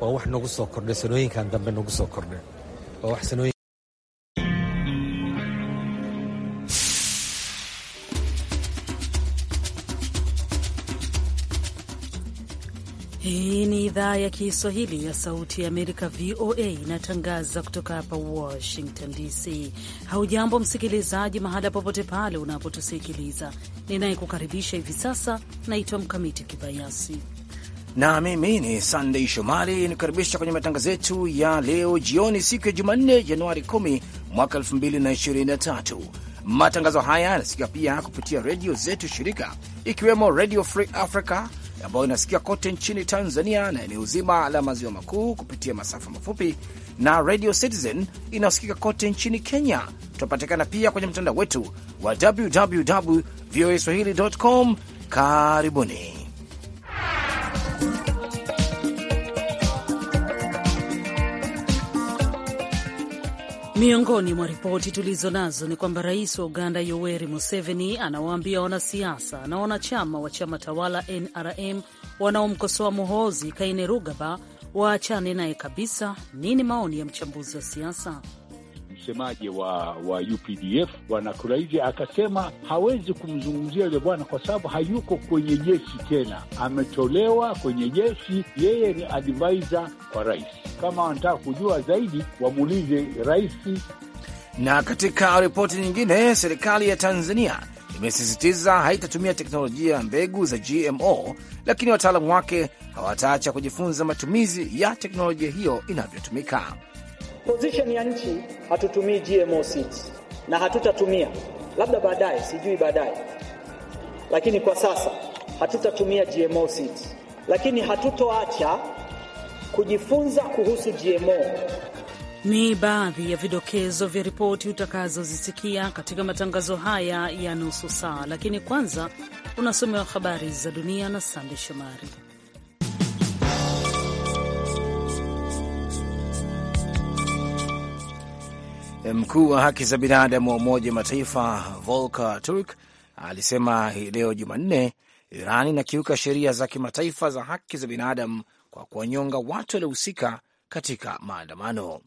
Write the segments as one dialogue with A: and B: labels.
A: waa wax nagu soo kordhay sanooyinkan dambe nagu soo kordhay waa wax sanooyin
B: Hii ni idhaa ya Kiswahili ya Sauti ya Amerika, VOA, inatangaza kutoka hapa Washington DC. Haujambo msikilizaji, mahala popote pale unapotusikiliza. Ninayekukaribisha hivi sasa naitwa Mkamiti Kibayasi
A: na mimi ni Sandey Shomari nikukaribisha kwenye matangazo yetu ya leo jioni, siku ya Jumanne, Januari 10 mwaka 2023. Matangazo haya yanasikia pia kupitia redio zetu shirika, ikiwemo Radio Free Africa ambayo inasikia kote nchini Tanzania na eneo zima la maziwa makuu kupitia masafa mafupi na Radio Citizen inayosikika kote nchini Kenya. Tunapatikana pia kwenye mtandao wetu wa www voa swahili.com. Karibuni.
B: Miongoni mwa ripoti tulizo nazo ni kwamba rais wa Uganda Yoweri Museveni anawaambia wanasiasa na wanachama wa chama tawala NRM wanaomkosoa Muhoozi Kainerugaba waachane naye kabisa. Nini maoni ya mchambuzi wa siasa?
C: msemaji wa wa UPDF Bwana kuraiji akasema hawezi kumzungumzia yule bwana kwa sababu hayuko kwenye jeshi tena, ametolewa kwenye jeshi, yeye ni advisor kwa rais. Kama wanataka kujua zaidi, wamuulize
A: rais. Na katika ripoti nyingine, serikali ya Tanzania imesisitiza haitatumia teknolojia ya mbegu za GMO, lakini wataalamu wake hawataacha kujifunza matumizi ya teknolojia hiyo inavyotumika.
D: Position ya nchi hatutumii GMO seeds na hatutatumia, labda baadaye, sijui baadaye, lakini kwa sasa hatutatumia GMO seeds, lakini hatutoacha kujifunza kuhusu GMO.
B: Ni baadhi ya vidokezo vya ripoti utakazozisikia katika matangazo haya ya nusu saa, lakini kwanza unasomewa habari za dunia na Sande Shomari.
A: Mkuu wa haki za binadamu wa Umoja Mataifa Volker Turk alisema hii leo Jumanne Iran inakiuka sheria za kimataifa za haki za binadamu kwa kuwanyonga watu waliohusika katika maandamano,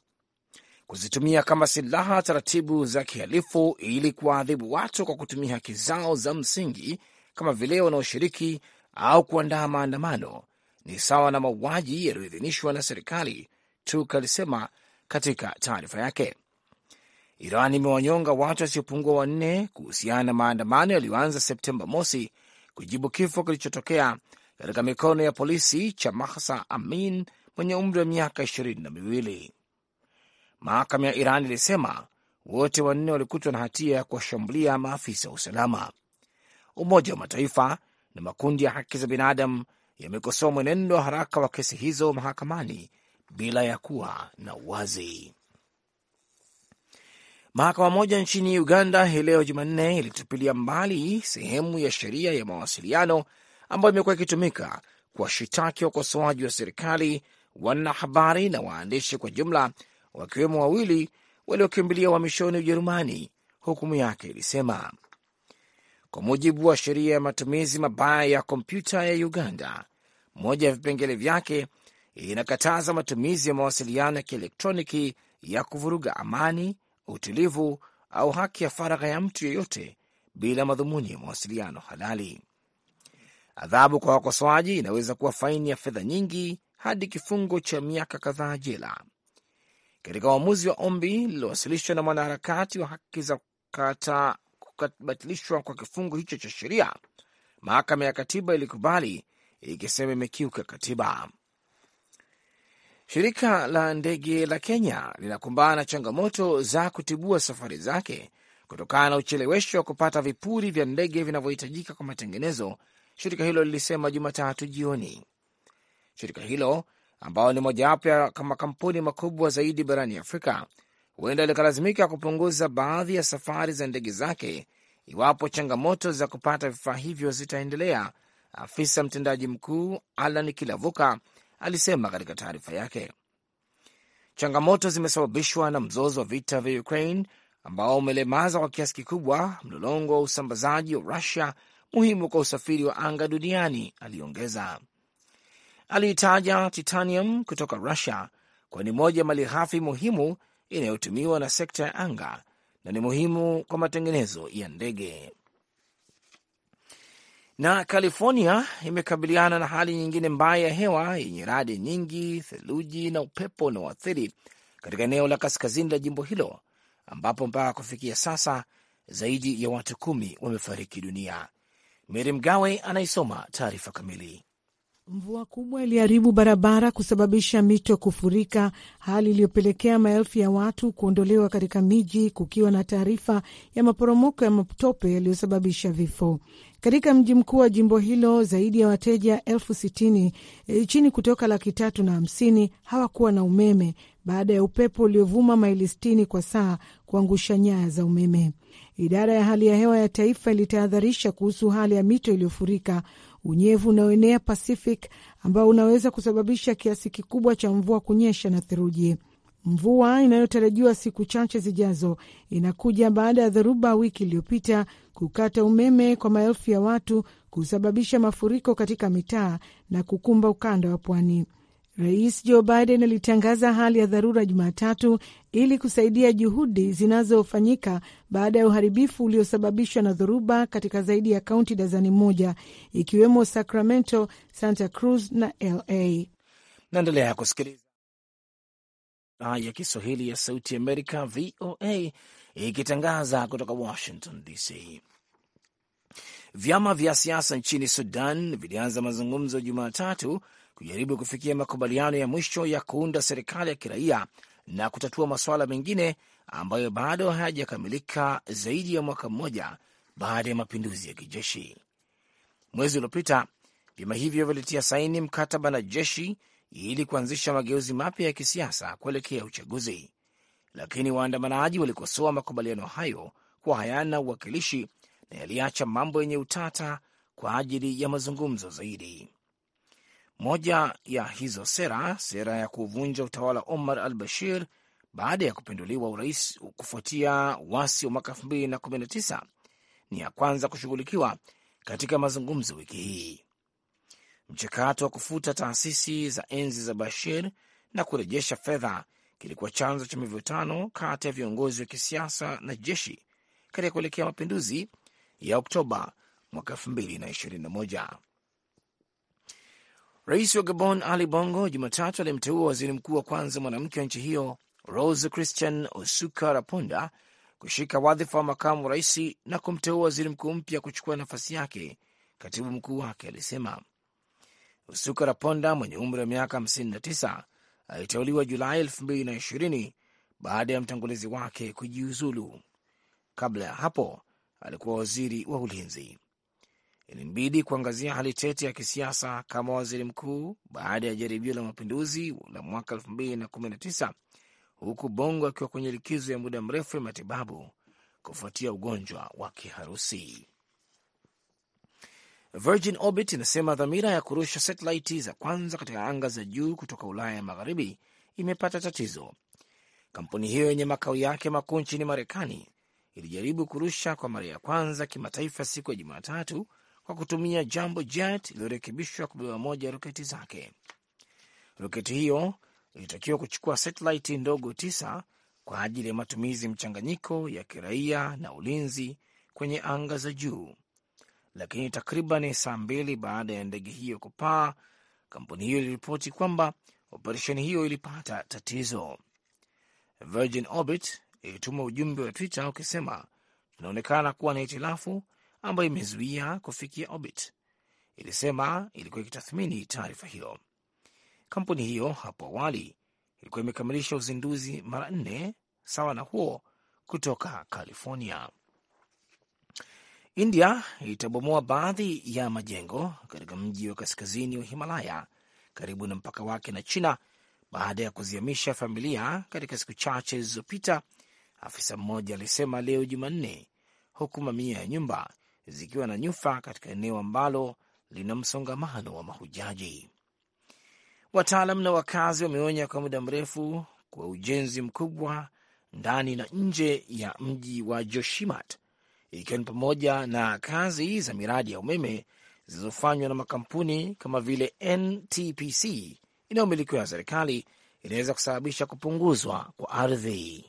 A: kuzitumia kama silaha taratibu za kihalifu ili kuwaadhibu watu kwa kutumia haki zao za msingi kama vile wanaoshiriki au kuandaa maandamano ni sawa na mauaji yaliyoidhinishwa na serikali, tuk alisema katika taarifa yake. Iran imewanyonga watu wasiopungua wanne kuhusiana na maandamano yaliyoanza Septemba mosi kujibu kifo kilichotokea katika mikono ya polisi cha Mahsa Amin mwenye umri wa miaka ishirini na miwili. Mahakama ya Iran ilisema wote wanne walikutwa na hatia ya kuwashambulia maafisa wa usalama. Umoja wa Mataifa na makundi ya haki za binadamu yamekosoa mwenendo wa haraka wa kesi hizo mahakamani bila ya kuwa na uwazi. Mahakama moja nchini Uganda hii leo Jumanne ilitupilia mbali sehemu ya sheria ya mawasiliano ambayo imekuwa ikitumika kuwashitaki wakosoaji wa serikali, wanahabari na waandishi kwa jumla, wakiwemo wawili waliokimbilia uhamishoni Ujerumani, hukumu yake ilisema. Kwa mujibu wa sheria ya matumizi mabaya ya kompyuta ya Uganda, moja ya vipengele vyake inakataza matumizi ya mawasiliano ya kielektroniki ya kuvuruga amani utulivu au haki ya faragha ya mtu yeyote bila madhumuni ya mawasiliano halali. Adhabu kwa wakosoaji inaweza kuwa faini ya fedha nyingi hadi kifungo cha miaka kadhaa jela. Katika uamuzi wa ombi lililowasilishwa na mwanaharakati wa haki za kukata kubatilishwa kwa kifungo hicho cha sheria, mahakama ya katiba ilikubali ikisema imekiuka katiba. Shirika la ndege la Kenya linakumbana na changamoto za kutibua safari zake kutokana na uchelewesho wa kupata vipuri vya ndege vinavyohitajika kwa matengenezo, shirika hilo lilisema Jumatatu jioni. Shirika hilo ambayo ni mojawapo ya makampuni makubwa zaidi barani Afrika huenda likalazimika kupunguza baadhi ya safari za ndege zake iwapo changamoto za kupata vifaa hivyo zitaendelea. Afisa mtendaji mkuu Alan Kilavuka alisema katika taarifa yake. Changamoto zimesababishwa na mzozo wa vita vya Ukraine ambao umelemaza kwa kiasi kikubwa mlolongo wa usambazaji wa Rusia muhimu kwa usafiri wa anga duniani, aliongeza. Aliitaja titanium kutoka Rusia kuwa ni moja mali ghafi muhimu inayotumiwa na sekta ya anga na ni muhimu kwa matengenezo ya ndege. Na California imekabiliana na hali nyingine mbaya ya hewa yenye radi nyingi, theluji na upepo unaoathiri katika eneo la kaskazini la jimbo hilo ambapo mpaka kufikia sasa zaidi ya watu kumi wamefariki dunia. Meri Mgawe anaisoma taarifa kamili.
E: Mvua kubwa iliharibu barabara, kusababisha mito kufurika, hali iliyopelekea maelfu ya watu kuondolewa katika miji, kukiwa na taarifa ya maporomoko ya matope yaliyosababisha vifo. Katika mji mkuu wa jimbo hilo, zaidi ya wateja elfu sitini e, chini kutoka laki tatu na hamsini hawakuwa na umeme baada ya upepo uliovuma maili sitini kwa saa kuangusha nyaya za umeme. Idara ya hali ya hewa ya taifa ilitahadharisha kuhusu hali ya mito iliyofurika unyevu unaoenea Pacific ambao unaweza kusababisha kiasi kikubwa cha mvua kunyesha na theluji. Mvua inayotarajiwa siku chache zijazo inakuja baada ya dhoruba wiki iliyopita kukata umeme kwa maelfu ya watu, kusababisha mafuriko katika mitaa na kukumba ukanda wa pwani. Rais Joe Biden alitangaza hali ya dharura Jumatatu ili kusaidia juhudi zinazofanyika baada ya uharibifu uliosababishwa na dhoruba katika zaidi ya kaunti dazani moja ikiwemo Sacramento, Santa Cruz na LA.
A: Naendelea kusikiliza idhaa ya Kiswahili ya Sauti Amerika, VOA, ikitangaza kutoka Washington DC. Vyama vya siasa nchini Sudan vilianza mazungumzo Jumatatu kujaribu kufikia makubaliano ya mwisho ya kuunda serikali ya kiraia na kutatua masuala mengine ambayo bado hayajakamilika zaidi ya mwaka mmoja baada ya mapinduzi ya kijeshi. Mwezi uliopita vyama hivyo vilitia saini mkataba na jeshi ili kuanzisha mageuzi mapya ya kisiasa kuelekea uchaguzi, lakini waandamanaji walikosoa makubaliano hayo kuwa hayana uwakilishi na yaliacha mambo yenye utata kwa ajili ya mazungumzo zaidi. Moja ya hizo sera, sera ya kuvunja utawala Omar al Bashir baada ya kupinduliwa urais kufuatia wasi wa mwaka 2019 ni ya kwanza kushughulikiwa katika mazungumzo wiki hii. Mchakato wa kufuta taasisi za enzi za Bashir na kurejesha fedha kilikuwa chanzo cha mivutano kati ya viongozi wa kisiasa na jeshi katika kuelekea mapinduzi ya Oktoba mwaka Rais wa Gabon Ali Bongo Jumatatu alimteua waziri mkuu wa kwanza mwanamke wa nchi hiyo Rose Christian Osuka Raponda kushika wadhifa wa makamu wa rais na kumteua waziri mkuu mpya kuchukua nafasi yake, katibu mkuu wake alisema. Osuka Raponda mwenye umri wa miaka 59 aliteuliwa Julai 2020 baada ya mtangulizi wake kujiuzulu. Kabla ya hapo alikuwa waziri wa ulinzi ilimbidi kuangazia hali tete ya kisiasa kama waziri mkuu baada ya jaribio la mapinduzi la mwaka 2019 huku Bongo akiwa kwenye likizo ya muda mrefu ya matibabu kufuatia ugonjwa wa kiharusi. Virgin Orbit inasema dhamira ya kurusha satelaiti za kwanza katika anga za juu kutoka Ulaya ya magharibi imepata tatizo. Kampuni hiyo yenye makao yake makuu nchini Marekani ilijaribu kurusha kwa mara ya kwanza kimataifa siku ya Jumatatu kwa kutumia jambo Jet iliyorekebishwa kubeba moja ya roketi zake. Roketi hiyo ilitakiwa kuchukua satelaiti ndogo tisa kwa ajili ya matumizi mchanganyiko ya kiraia na ulinzi kwenye anga za juu, lakini takriban saa mbili baada ya ndege hiyo kupaa, kampuni hiyo iliripoti kwamba operesheni hiyo ilipata tatizo. Virgin Orbit ilituma ujumbe wa Twitter ukisema, tunaonekana kuwa na hitilafu ambayo imezuia kufikia orbit, ilisema ilikuwa ikitathmini taarifa hiyo. Kampuni hiyo hapo awali ilikuwa imekamilisha uzinduzi mara nne sawa na huo kutoka California. India itabomoa baadhi ya majengo katika mji wa kaskazini wa Himalaya karibu na mpaka wake na China baada ya kuzihamisha familia katika siku chache zilizopita, afisa mmoja alisema leo Jumanne, huku mamia ya nyumba zikiwa na nyufa katika eneo ambalo lina msongamano wa mahujaji. Wataalam na wakazi wameonya kwa muda mrefu kwa ujenzi mkubwa ndani na nje ya mji wa Joshimat, ikiwa ni pamoja na kazi za miradi ya umeme zilizofanywa na makampuni kama vile NTPC inayomilikiwa na serikali inaweza kusababisha kupunguzwa kwa ardhi.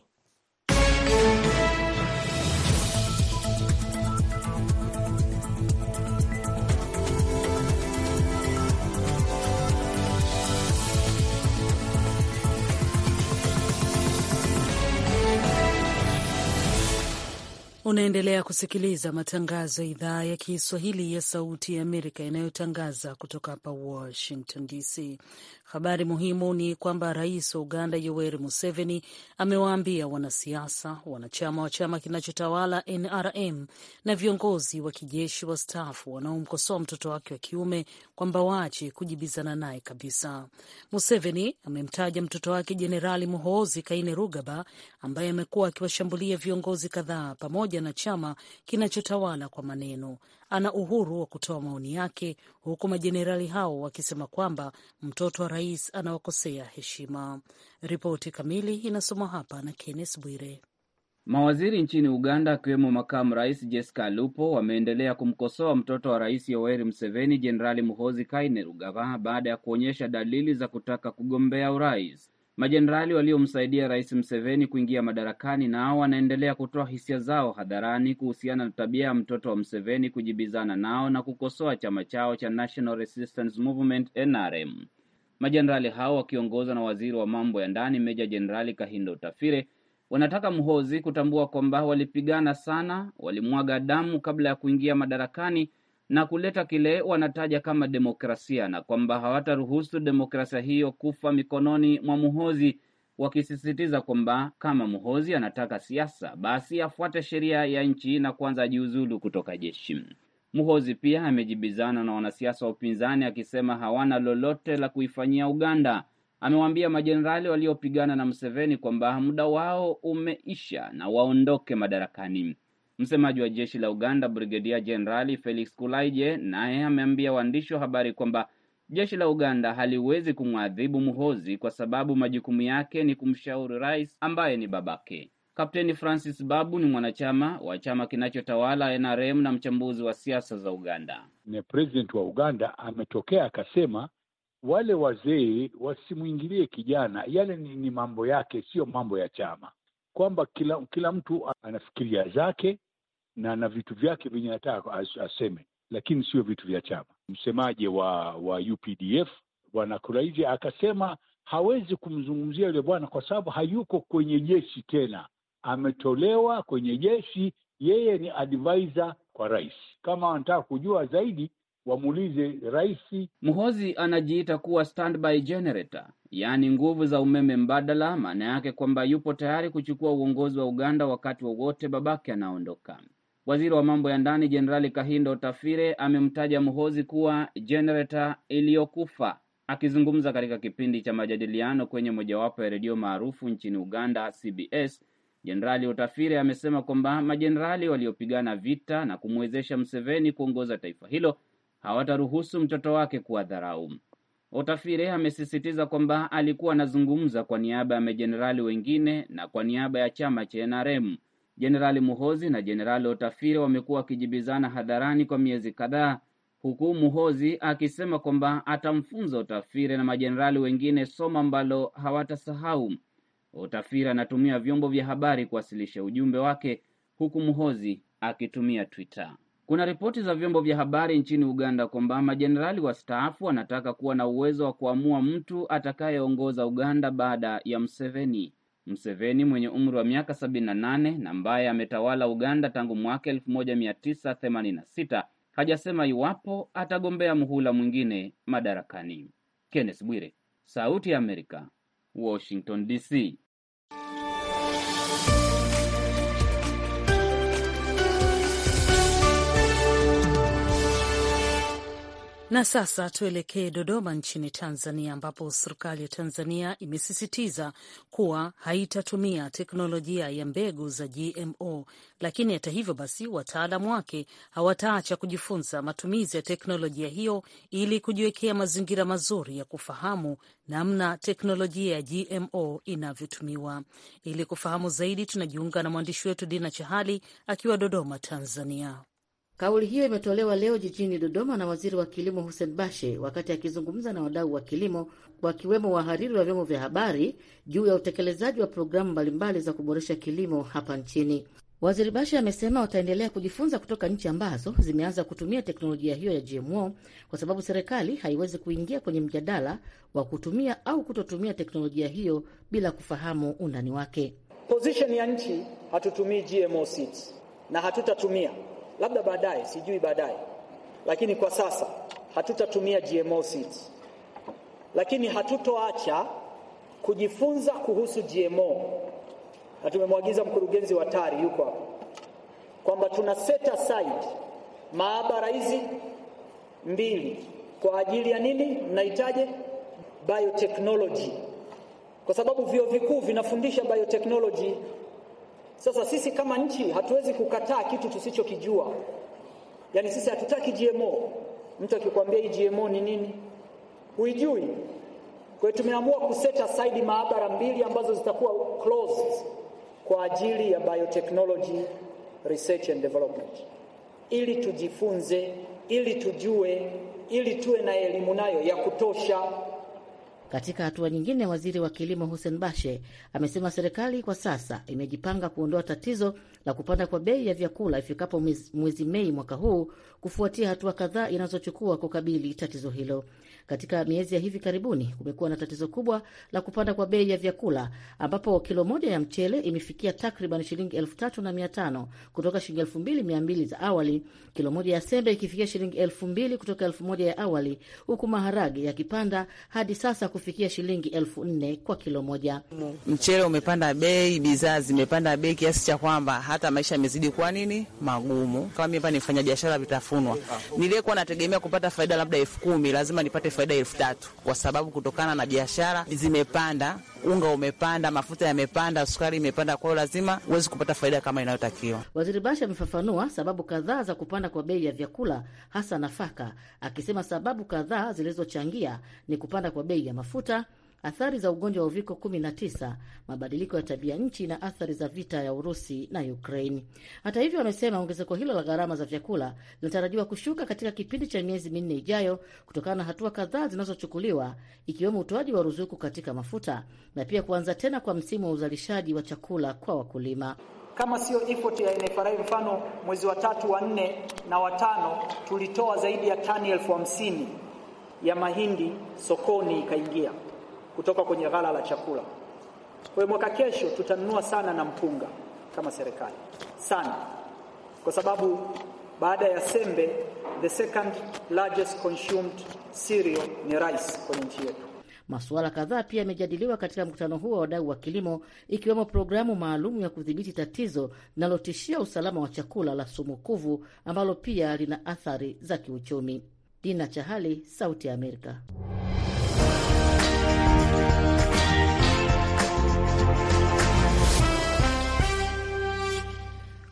B: Unaendelea kusikiliza matangazo ya idhaa ya Kiswahili ya Sauti ya Amerika inayotangaza kutoka hapa Washington DC. Habari muhimu ni kwamba rais wa Uganda Yoweri Museveni amewaambia wanasiasa, wanachama wa chama kinachotawala NRM na viongozi wa kijeshi wastaafu wanaomkosoa mtoto wake wa kiume kwamba waache kujibizana naye kabisa. Museveni amemtaja mtoto wake Jenerali Muhoozi Kainerugaba ambaye amekuwa akiwashambulia viongozi kadhaa pamoja na chama kinachotawala kwa maneno. Ana uhuru wa kutoa maoni yake, huku majenerali hao wakisema kwamba mtoto wa rais anawakosea heshima. Ripoti kamili inasomwa hapa na Kenneth Bwire.
F: Mawaziri nchini Uganda akiwemo makamu rais Jessica Lupo wameendelea kumkosoa mtoto wa rais Yoweri Museveni, Jenerali Muhozi Kainerugaba, baada ya kuonyesha dalili za kutaka kugombea urais. Majenerali waliomsaidia Rais Mseveni kuingia madarakani nao wanaendelea kutoa hisia zao hadharani kuhusiana na tabia ya mtoto wa Mseveni kujibizana nao na kukosoa chama chao cha National Resistance Movement NRM. Majenerali hao wakiongozwa na waziri wa mambo ya ndani Meja Jenerali Kahindo Tafire wanataka Mhozi kutambua kwamba walipigana sana, walimwaga damu kabla ya kuingia madarakani na kuleta kile wanataja kama demokrasia na kwamba hawataruhusu demokrasia hiyo kufa mikononi mwa Muhozi, wakisisitiza kwamba kama Muhozi anataka siasa, basi afuate sheria ya nchi na kwanza ajiuzulu kutoka jeshi. Muhozi pia amejibizana na wanasiasa wa upinzani akisema hawana lolote la kuifanyia Uganda. Amewaambia majenerali waliopigana na Mseveni kwamba muda wao umeisha na waondoke madarakani. Msemaji wa jeshi la Uganda Brigedia Jenerali Felix Kulaije naye ameambia waandishi wa habari kwamba jeshi la Uganda haliwezi kumwadhibu Muhozi kwa sababu majukumu yake ni kumshauri rais ambaye ni babake. Kapteni Francis Babu ni mwanachama wa chama kinachotawala NRM na mchambuzi wa siasa za Uganda. Ne president
C: wa Uganda ametokea akasema wale wazee wasimwingilie kijana, yale ni, ni mambo yake, siyo mambo ya chama, kwamba kila, kila mtu anafikiria zake na na vitu vyake vyenye nataka aseme, lakini sio vitu vya chama. Msemaji wa wa UPDF bwana kuraizi akasema hawezi kumzungumzia yule bwana kwa sababu hayuko kwenye jeshi tena, ametolewa kwenye jeshi, yeye ni advisor kwa rais. Kama wanataka kujua zaidi
F: wamuulize rais. Mhozi anajiita kuwa standby generator, yaani nguvu za umeme mbadala. Maana yake kwamba yupo tayari kuchukua uongozi wa Uganda wakati wowote wa babake anaondoka. Waziri wa mambo ya ndani Jenerali Kahindo Tafire amemtaja Muhozi kuwa jenereta iliyokufa. Akizungumza katika kipindi cha majadiliano kwenye mojawapo ya redio maarufu nchini Uganda, CBS, Jenerali Otafire amesema kwamba majenerali waliopigana vita na kumwezesha Mseveni kuongoza taifa hilo hawataruhusu mtoto wake kuwa dharau. Otafire amesisitiza kwamba alikuwa anazungumza kwa niaba ya majenerali wengine na kwa niaba ya chama cha NRM. Jenerali Muhozi na Jenerali Otafire wamekuwa wakijibizana hadharani kwa miezi kadhaa, huku Muhozi akisema kwamba atamfunza Otafire na majenerali wengine somo ambalo hawatasahau. Otafire anatumia vyombo vya habari kuwasilisha ujumbe wake, huku Muhozi akitumia Twitter. Kuna ripoti za vyombo vya habari nchini Uganda kwamba majenerali wastaafu wanataka kuwa na uwezo wa kuamua mtu atakayeongoza Uganda baada ya Mseveni. Mseveni mwenye umri wa miaka 78 na ambaye ametawala Uganda tangu mwaka 1986 hajasema iwapo atagombea muhula mwingine madarakani. Kenneth Bwire, Sauti ya Amerika, Washington DC.
B: Na sasa tuelekee Dodoma nchini Tanzania, ambapo serikali ya Tanzania imesisitiza kuwa haitatumia teknolojia ya mbegu za GMO, lakini hata hivyo basi, wataalamu wake hawataacha kujifunza matumizi ya teknolojia hiyo ili kujiwekea mazingira mazuri ya kufahamu namna teknolojia ya GMO inavyotumiwa. Ili kufahamu zaidi, tunajiunga na mwandishi wetu Dina Chahali akiwa Dodoma, Tanzania.
G: Kauli hiyo imetolewa leo jijini Dodoma na waziri wa kilimo Hussein Bashe wakati akizungumza na wadau wa kilimo wakiwemo wahariri wa vyombo vya habari juu ya utekelezaji wa programu mbalimbali za kuboresha kilimo hapa nchini. Waziri Bashe amesema wataendelea kujifunza kutoka nchi ambazo zimeanza kutumia teknolojia hiyo ya GMO kwa sababu serikali haiwezi kuingia kwenye mjadala wa kutumia au kutotumia teknolojia hiyo bila kufahamu undani wake. Position ya nchi
D: hatutumii GMO seeds na hatutatumia labda baadaye, sijui baadaye, lakini kwa sasa hatutatumia GMO seeds, lakini hatutoacha kujifunza kuhusu GMO, na tumemwagiza mkurugenzi wa TARI yuko hapo kwamba tuna set aside maabara hizi mbili kwa ajili ya nini, mnahitaje biotechnology, kwa sababu vyuo vikuu vinafundisha biotechnology. Sasa sisi kama nchi hatuwezi kukataa kitu tusichokijua. Yaani sisi hatutaki GMO. Mtu akikwambia hii GMO ni nini? Huijui. Kwa hiyo tumeamua kuset aside maabara mbili ambazo zitakuwa closed kwa ajili ya biotechnology research and development ili tujifunze, ili tujue, ili tuwe na elimu nayo ya kutosha.
G: Katika hatua nyingine, waziri wa kilimo Hussein Bashe amesema serikali kwa sasa imejipanga kuondoa tatizo la kupanda kwa bei ya vyakula ifikapo mwezi Mei mwaka huu kufuatia hatua kadhaa inazochukua kukabili tatizo hilo. Katika miezi ya hivi karibuni kumekuwa na tatizo kubwa la kupanda kwa bei ya vyakula ambapo kilo moja ya mchele imefikia takriban shilingi elfu tatu na mia tano kutoka shilingi elfu mbili mia mbili za awali, kilo moja ya sembe ikifikia shilingi elfu mbili kutoka elfu moja ya awali, huku maharage yakipanda hadi sasa kufikia shilingi elfu nne kwa kilo moja.
H: Mchele umepanda bei, bidhaa zimepanda bei kiasi cha kwamba hata maisha yamezidi kuwa nini magumu. Kama mimi hapa mfanya biashara vitafunwa, niliyekuwa nategemea kupata faida labda elfu kumi lazima nipate faida elfu tatu kwa sababu kutokana na biashara zimepanda unga umepanda, mafuta yamepanda, sukari imepanda, kwa hiyo lazima huwezi kupata faida kama inayotakiwa.
G: Waziri Bashe amefafanua sababu kadhaa za kupanda kwa bei ya vyakula, hasa nafaka, akisema sababu kadhaa zilizochangia ni kupanda kwa bei ya mafuta athari za ugonjwa wa uviko 19, mabadiliko ya tabia nchi na athari za vita ya Urusi na Ukraini. Hata hivyo, wamesema ongezeko hilo la gharama za vyakula linatarajiwa kushuka katika kipindi cha miezi minne ijayo kutokana na hatua kadhaa zinazochukuliwa ikiwemo utoaji wa ruzuku katika mafuta na pia kuanza tena kwa msimu wa uzalishaji wa chakula kwa wakulima.
D: Kama sio effort ya NFRA, mfano mwezi wa tatu, wa nne na watano tulitoa zaidi ya tani elfu hamsini ya mahindi sokoni ikaingia kutoka kwenye ghala la chakula. Kwa hiyo mwaka kesho tutanunua sana na mpunga kama serikali sana, kwa sababu baada ya sembe the second largest consumed cereal ni rice kwenye nchi yetu.
G: Masuala kadhaa pia yamejadiliwa katika mkutano huo wa wadau wa kilimo, ikiwemo programu maalum ya kudhibiti tatizo linalotishia usalama wa chakula la sumu kuvu ambalo pia lina athari za kiuchumi. Dina Chahali, Sauti ya Amerika.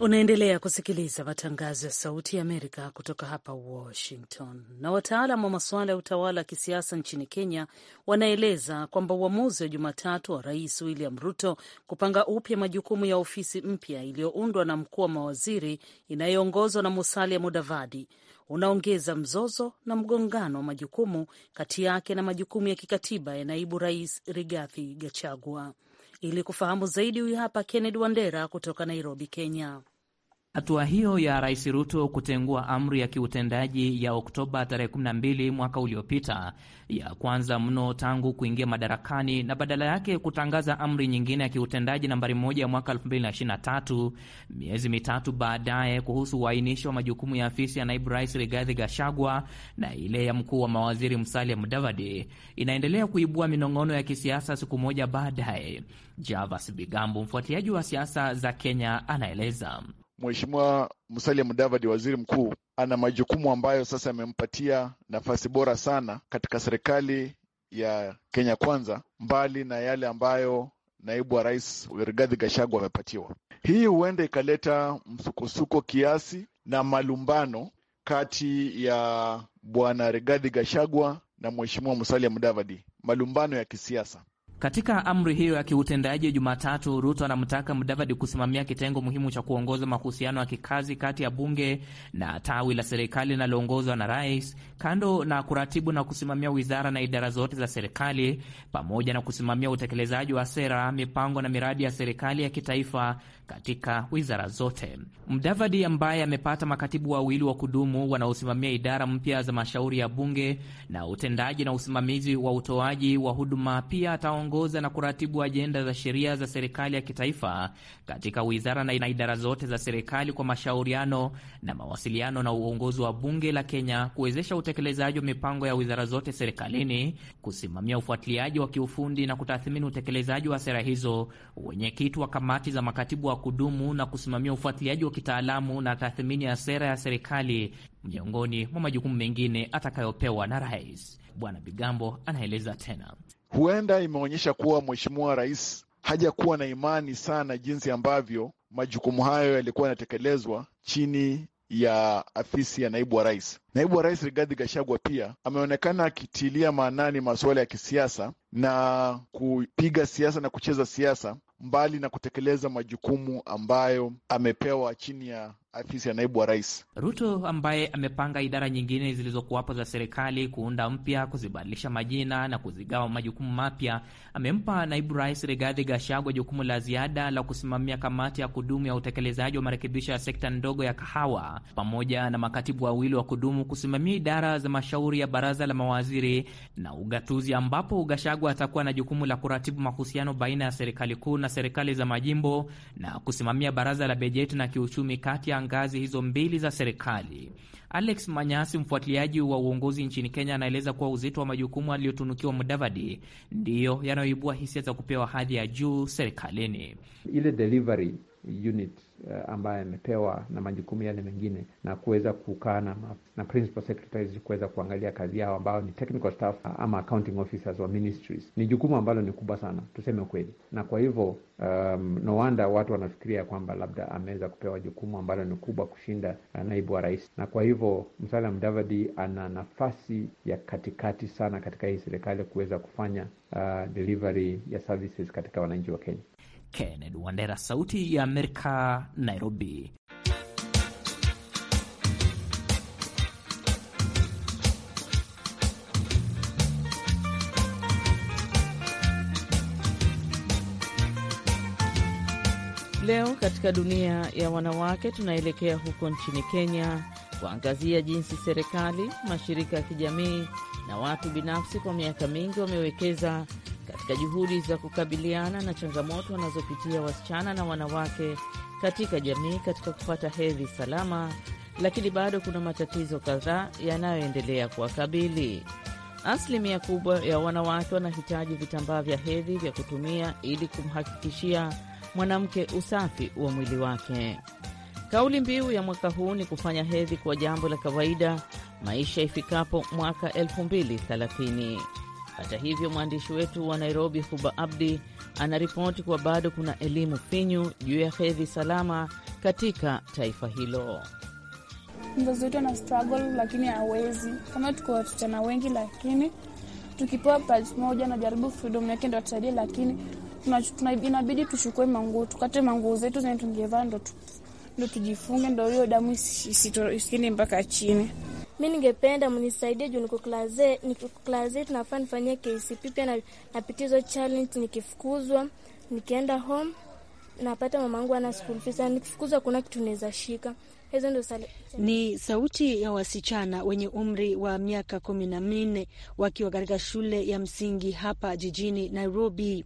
B: Unaendelea kusikiliza matangazo ya Sauti ya Amerika kutoka hapa Washington. Na wataalam wa masuala ya utawala wa kisiasa nchini Kenya wanaeleza kwamba uamuzi wa Jumatatu wa Rais William Ruto kupanga upya majukumu ya ofisi mpya iliyoundwa na mkuu wa mawaziri inayoongozwa na Musalia Mudavadi unaongeza mzozo na mgongano wa majukumu kati yake na majukumu ya kikatiba ya naibu rais Rigathi Gachagua. Ili kufahamu zaidi, huyu hapa Kennedy Wandera kutoka Nairobi, Kenya.
H: Hatua hiyo ya Rais Ruto kutengua amri ya kiutendaji ya Oktoba tarehe 12 mwaka uliopita, ya kwanza mno tangu kuingia madarakani, na badala yake kutangaza amri nyingine ya kiutendaji nambari 1 ya mwaka 2023, miezi mitatu baadaye, kuhusu uainisho wa majukumu ya afisi ya naibu rais Rigathi Gachagua na ile ya mkuu wa mawaziri Musalia Mudavadi, inaendelea kuibua minong'ono ya kisiasa siku moja baadaye. Javas Bigambo, mfuatiliaji wa siasa za Kenya, anaeleza.
C: Mheshimiwa Musalia Mudavadi, waziri mkuu, ana majukumu ambayo sasa yamempatia nafasi bora sana katika serikali ya Kenya Kwanza, mbali na yale ambayo naibu wa rais Rigathi Gachagua amepatiwa. Hii huenda ikaleta msukosuko kiasi na malumbano kati ya bwana Rigathi Gachagua na mheshimiwa Musalia Mudavadi, malumbano ya kisiasa.
H: Katika amri hiyo ya kiutendaji Jumatatu, Ruto anamtaka Mudavadi kusimamia kitengo muhimu cha kuongoza mahusiano ya kikazi kati ya bunge na tawi la serikali linaloongozwa na rais, kando na kuratibu na kusimamia wizara na idara zote za serikali, pamoja na kusimamia utekelezaji wa sera, mipango na miradi ya serikali ya kitaifa katika wizara zote. Mudavadi ambaye amepata makatibu wawili wa kudumu wanaosimamia idara mpya za mashauri ya bunge na utendaji na usimamizi wa utoaji wa huduma, pia ataongoza kuongoza na kuratibu ajenda za sheria za serikali ya kitaifa katika wizara na idara zote za serikali kwa mashauriano na mawasiliano na uongozi wa bunge la Kenya, kuwezesha utekelezaji wa mipango ya wizara zote serikalini, kusimamia ufuatiliaji wa kiufundi na kutathmini utekelezaji wa sera hizo, wenyekiti wa kamati za makatibu wa kudumu na kusimamia ufuatiliaji wa kitaalamu na tathmini ya sera ya serikali miongoni mwa majukumu mengine atakayopewa na rais. Bwana Bigambo anaeleza tena
C: huenda imeonyesha kuwa mheshimiwa rais hajakuwa na imani sana jinsi ambavyo majukumu hayo yalikuwa yanatekelezwa chini ya afisi ya naibu wa rais. Naibu wa rais Rigathi Gachagua pia ameonekana akitilia maanani masuala ya kisiasa na kupiga siasa na kucheza siasa, mbali na kutekeleza majukumu ambayo amepewa chini ya afisi ya naibu wa rais.
H: Ruto ambaye amepanga idara nyingine zilizokuwapo za serikali kuunda mpya, kuzibadilisha majina na kuzigawa majukumu mapya, amempa naibu rais Rigathi Gachagua jukumu la ziada la kusimamia kamati ya kudumu ya utekelezaji wa marekebisho ya sekta ndogo ya kahawa, pamoja na makatibu wawili wa kudumu kusimamia idara za mashauri ya baraza la mawaziri na ugatuzi, ambapo Gachagua atakuwa na jukumu la kuratibu mahusiano baina ya serikali kuu na serikali za majimbo na kusimamia baraza la bajeti na kiuchumi kati ya ngazi hizo mbili za serikali. Alex Manyasi, mfuatiliaji wa uongozi nchini Kenya, anaeleza kuwa uzito wa majukumu aliyotunukiwa Mudavadi ndiyo yanayoibua hisia za kupewa hadhi ya juu serikalini.
I: Ile delivery unit uh, ambaye
A: amepewa na majukumu yale mengine na kuweza kukaa na, na principal secretaries kuweza kuangalia kazi yao ambao ni technical staff eh, ama accounting officers wa ministries. Ni jukumu ambalo ni kubwa sana, tuseme kweli, na kwa hivyo um, no wonder watu wanafikiria kwamba labda ameweza kupewa jukumu ambalo ni kubwa kushinda eh, naibu wa rais, na kwa hivyo Musalia Mudavadi ana nafasi ya katikati sana katika hii serikali kuweza kufanya uh, delivery ya services katika wananchi wa Kenya. Kennedy
H: Wandera, Sauti ya Amerika, Nairobi.
G: Leo katika dunia ya wanawake tunaelekea huko nchini Kenya kuangazia jinsi serikali, mashirika ya kijamii na watu binafsi kwa miaka mingi wamewekeza katika juhudi za kukabiliana na changamoto wanazopitia wasichana na wanawake katika jamii katika kupata hedhi salama, lakini bado kuna matatizo kadhaa yanayoendelea kuwakabili. Asilimia kubwa ya wanawake wanahitaji vitambaa vya hedhi vya kutumia ili kumhakikishia mwanamke usafi wa mwili wake. Kauli mbiu ya mwaka huu ni kufanya hedhi kuwa jambo la kawaida maisha ifikapo mwaka 2030. Hata hivyo, mwandishi wetu wa Nairobi Huba Abdi anaripoti kuwa bado kuna elimu finyu juu ya hedhi salama katika taifa hilo.
F: Mzazi wetu ana struggle lakini hawezi, kama tuko wasichana wengi, lakini tukipewa pads moja na jaribu freedom yake ndo atusaidie, lakini inabidi tuchukue manguo, tukate manguo zetu zenye tungevaa ndo tujifunge, ndo hiyo damu
E: isikini mpaka chini
F: mi ningependa mnisaidie juu
G: nikuklaze tunafaa nifanyie KCP pia napitia hizo challenge. Nikifukuzwa nikienda home napata mamangu ana school fees, nikifukuzwa kuna kitu naweza shika. Hizo
J: ni sauti ya wasichana wenye umri wa miaka kumi na minne wakiwa katika shule ya msingi hapa jijini Nairobi.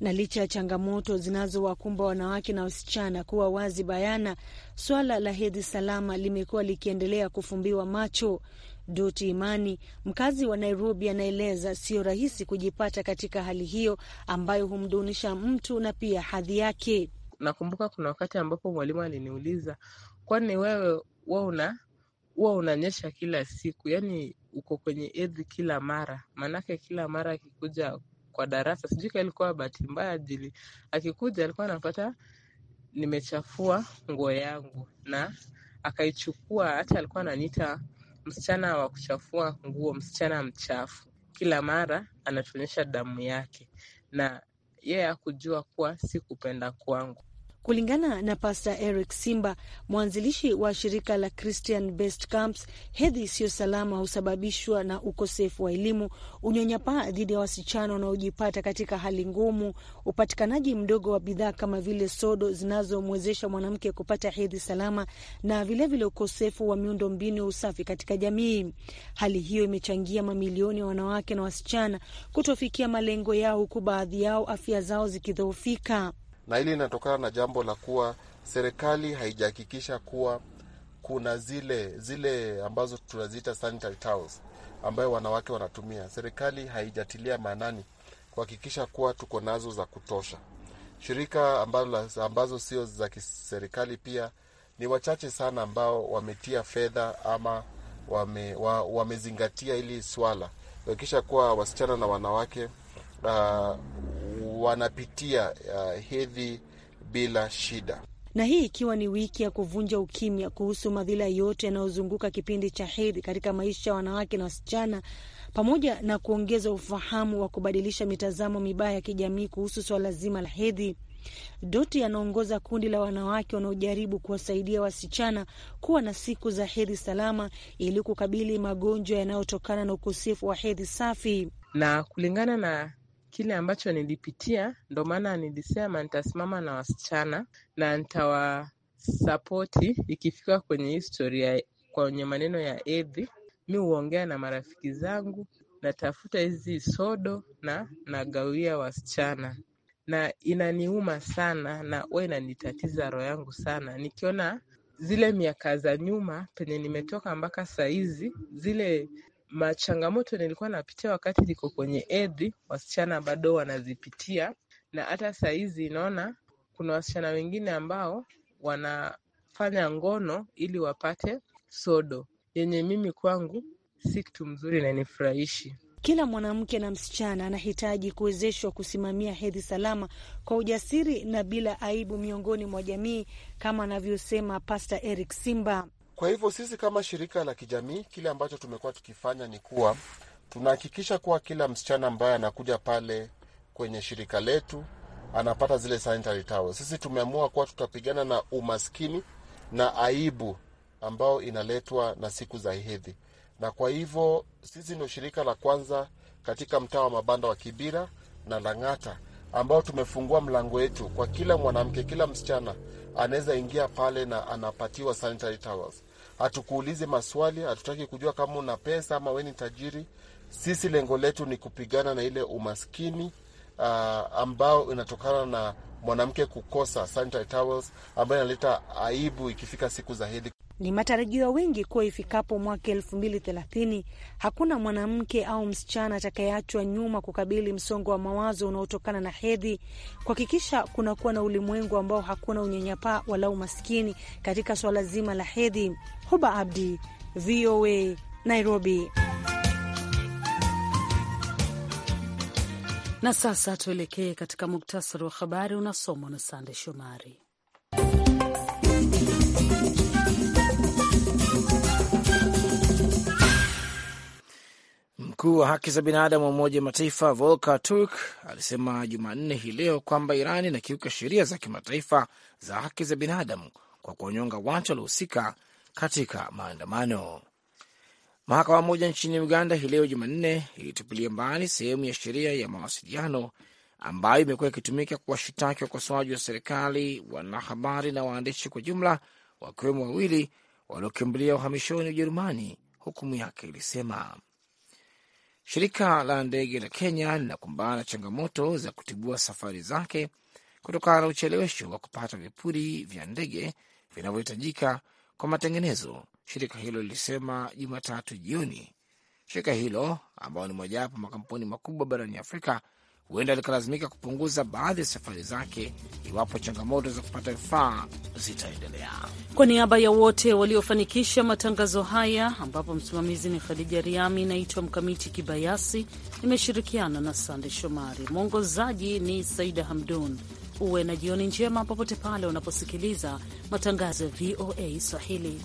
J: Na licha ya changamoto zinazowakumba wanawake na wasichana kuwa wazi bayana, swala la hedhi salama limekuwa likiendelea kufumbiwa macho. Doti Imani, mkazi wa Nairobi, anaeleza sio rahisi kujipata katika hali hiyo ambayo
K: humdunisha mtu na pia hadhi yake. Nakumbuka kuna wakati ambapo mwalimu aliniuliza, kwani wewe huwa una huwa unanyesha kila siku, yaani uko kwenye hedhi kila mara? Maanake kila mara akikuja kwa darasa, sijui kama ilikuwa bahati mbaya ajili akikuja alikuwa anapata nimechafua nguo yangu, na akaichukua. Hata alikuwa ananiita msichana wa kuchafua nguo, msichana mchafu. Kila mara anatuonyesha damu yake, na yeye hakujua kuwa si kupenda kwangu. Kulingana na Pastor Eric Simba,
J: mwanzilishi wa shirika la Christian Best Camps, hedhi isiyo salama husababishwa na ukosefu wa elimu, unyanyapaa dhidi ya wasichana wanaojipata katika hali ngumu, upatikanaji mdogo wa bidhaa kama vile sodo zinazomwezesha mwanamke kupata hedhi salama, na vilevile vile ukosefu wa miundo mbinu ya usafi katika jamii. Hali hiyo imechangia mamilioni ya wanawake na wasichana kutofikia malengo yao, huku baadhi yao afya zao zikidhoofika
I: na hili linatokana na jambo la kuwa serikali haijahakikisha kuwa kuna zile zile ambazo tunaziita sanitary towels ambayo wanawake wanatumia. Serikali haijatilia maanani kuhakikisha kuwa tuko nazo za kutosha. Shirika ambazo, ambazo sio za kiserikali pia ni wachache sana ambao wametia fedha ama wame, wa, wamezingatia hili swala kuhakikisha kuwa wasichana na wanawake uh, wanapitia uh, hedhi bila shida
J: na hii ikiwa ni wiki ya kuvunja ukimya kuhusu madhila yote yanayozunguka kipindi cha hedhi katika maisha ya wanawake na wasichana, pamoja na kuongeza ufahamu wa kubadilisha mitazamo mibaya ya kijamii kuhusu swala zima la hedhi. Doti anaongoza kundi la wanawake wanaojaribu kuwasaidia wasichana kuwa na siku za hedhi salama ili kukabili magonjwa yanayotokana
K: na ukosefu wa hedhi safi. Na kulingana na kile ambacho nilipitia, ndo maana nilisema nitasimama na wasichana na nitawasapoti. Ikifika kwenye historia, kwenye maneno ya edhi, mi huongea na marafiki zangu, natafuta hizi sodo na nagawia wasichana, na inaniuma sana na huwa inanitatiza roho yangu sana nikiona zile miaka za nyuma penye nimetoka mpaka sahizi zile machangamoto nilikuwa napitia wakati niko kwenye edhi, wasichana bado wanazipitia, na hata sahizi naona kuna wasichana wengine ambao wanafanya ngono ili wapate sodo, yenye mimi kwangu si kitu mzuri na nifurahishi.
J: Kila mwanamke na msichana anahitaji kuwezeshwa kusimamia hedhi salama kwa ujasiri na bila aibu miongoni mwa jamii, kama anavyosema Pastor Eric Simba.
I: Kwa hivyo sisi kama shirika la kijamii, kile ambacho tumekuwa tukifanya ni kuwa tunahakikisha kuwa kila msichana ambaye anakuja pale kwenye shirika letu anapata zile sanitary towels. Sisi tumeamua kuwa tutapigana na umaskini na aibu ambao inaletwa na siku za hedhi, na kwa hivyo sisi ndio shirika la kwanza katika mtaa wa mabanda wa Kibira na Lang'ata ambao tumefungua mlango wetu kwa kila mwanamke, kila msichana anaweza ingia pale na anapatiwa sanitary towels hatukuulize maswali, hatutaki kujua kama una pesa ama we ni tajiri. Sisi lengo letu ni kupigana na ile umaskini uh, ambao inatokana na mwanamke kukosa sanitary towels ambayo inaleta aibu ikifika siku za hedhi.
J: Ni matarajio wengi kuwa ifikapo mwaka elfu mbili thelathini hakuna mwanamke au msichana atakayeachwa nyuma kukabili msongo wa mawazo unaotokana na hedhi, kuhakikisha kunakuwa na ulimwengu ambao hakuna unyanyapaa wala umaskini katika swala zima la hedhi. Huba Abdi, VOA, Nairobi. Na sasa tuelekee katika
B: muktasari wa habari unasomwa na Sande Shomari.
A: Mkuu wa haki za binadamu wa Umoja wa Mataifa Volka Turk alisema Jumanne hii leo kwamba Iran inakiuka sheria za kimataifa za haki za binadamu kwa kuwanyonga watu waliohusika katika maandamano. Mahakama moja nchini Uganda hii leo Jumanne ilitupilia mbali sehemu ya sheria ya mawasiliano ambayo imekuwa ikitumika kuwashitaki wakosoaji wa serikali, wanahabari na waandishi kwa jumla, wakiwemo wawili waliokimbilia uhamishoni Ujerumani. Hukumu yake ilisema Shirika la ndege la Kenya linakumbana na changamoto za kutibua safari zake kutokana na uchelewesho wa kupata vipuri vya ndege vinavyohitajika kwa matengenezo, shirika hilo lilisema Jumatatu jioni. Shirika hilo ambayo ni mojawapo makampuni makubwa barani Afrika huenda likalazimika kupunguza baadhi ya safari zake iwapo changamoto za kupata vifaa zitaendelea.
B: Kwa niaba ya wote waliofanikisha matangazo haya, ambapo msimamizi ni Khadija Riami, naitwa Mkamiti Kibayasi, nimeshirikiana na Sande Shomari, mwongozaji ni Saida Hamdun. Uwe na jioni njema popote pale unaposikiliza matangazo ya VOA Swahili.